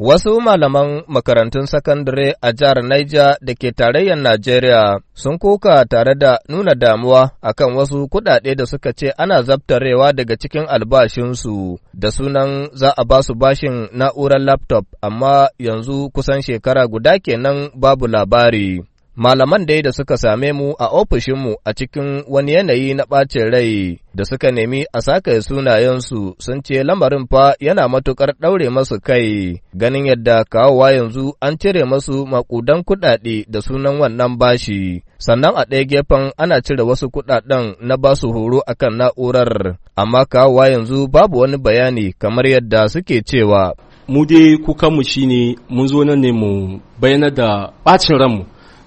Wasu malaman makarantun sakandare a jihar Niger da ke tarayyar Najeriya sun kuka tare da nuna damuwa akan wasu kuɗaɗe da suka ce ana zabtarewa daga cikin albashinsu da sunan za a ba su bashin na'urar laptop amma yanzu kusan shekara guda kenan babu labari. malaman dai da suka same mu a ofishinmu a cikin wani yanayi na ɓacin rai da suka nemi a saka sunayensu sun ce lamarin fa yana matuƙar ɗaure masu kai ganin yadda kawowa yanzu an cire masu makudan kuɗaɗe da sunan wannan bashi sannan a ɗaya gefen ana cire wasu kuɗaɗen na basu horo akan na'urar amma kawowa yanzu babu wani bayani kamar yadda suke cewa mu dai kukanmu shine mun zo nan ne bayyana da ɓacin ranmu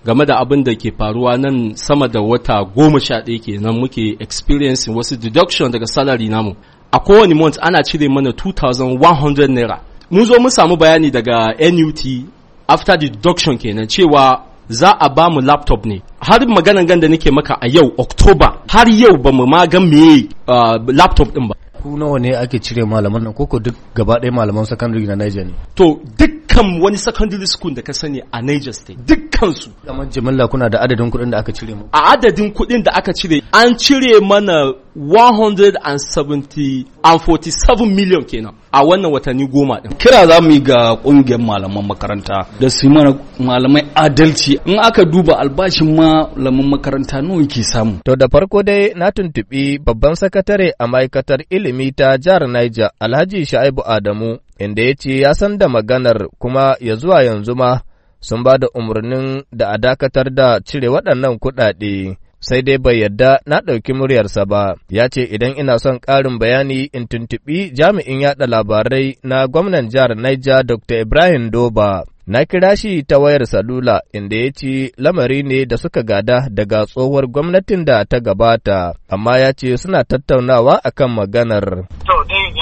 game da abin da ke faruwa nan sama da wata goma sha ɗaya nan muke experiencing wasu deduction daga salary namu a kowane month ana cire mana 2100 naira mun zo mun samu bayani daga nut after deduction kenan cewa za a ba mu laptop ne har maganan gan da nake maka a yau october har yau ba mu ma me uh, laptop din ba ku nawa ne ake cire malaman nan koko duk gaba ɗaya malaman secondary na Niger ne to duk dukkan wani secondary school da ka sani a Niger State dukkan su kamar jimilla kuna da adadin kuɗin da aka cire mu a adadin kuɗin da aka cire an cire mana 147 million kenan a wannan watanni goma din kira za mu yi ga ƙungiyar malaman makaranta da su mana malamai adalci in aka duba albashin malaman makaranta nawa yake samu to da farko dai na tuntuɓi babban sakatare a ma'aikatar ilimi ta jihar Niger Alhaji Sha'ibu Adamu inda ya ce ya san da maganar kuma ya zuwa yanzu ma sun ba da umarnin da a dakatar da cire waɗannan kuɗaɗe. sai dai bai yarda na ɗauki muryarsa ba, ya ce idan ina son ƙarin bayani in tuntuɓi jami'in yaɗa labarai na gwamnan jihar Niger Dr. Ibrahim Doba. Na kira shi ta wayar salula inda ya ce lamari ne da suka gada daga tsohuwar gwamnatin da ta gabata, amma ya ce suna tattaunawa akan maganar.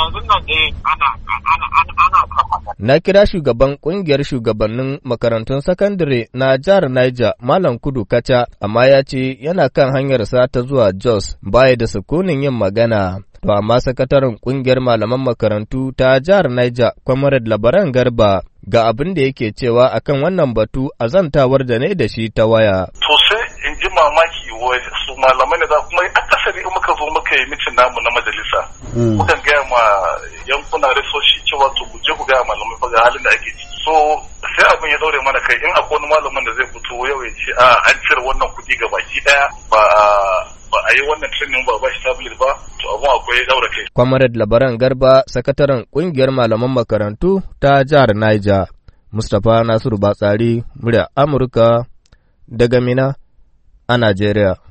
Eh, na kira shugaban kungiyar shugabannin makarantun sakandare na jihar Niger Malam Kudu Kacha amma ya ce yana kan hanyarsa ta zuwa Jos baya da sukunin yin magana. To amma sakataren kungiyar malaman makarantu ta jihar Niger Comrade Labaran Garba ga abin da yake cewa akan wannan batu a zantawar da ne da shi ta waya. To sai in ji mamaki wai su malamai ne za kuma wato ku je ku ga malamai fa ga halin da ake ciki so sai abin ya daure mana kai in akwai wani malamin da zai fito yau ya ce a ah, an cire wannan kuɗi ga baki ɗaya ba ba a yi wannan training ba ba shi tablet ba to abin akwai daura kai. Comrade Labaran Garba sakataren kungiyar malaman makarantu ta jihar Niger Mustapha Nasiru Batsari murya Amurka daga Mina a Najeriya.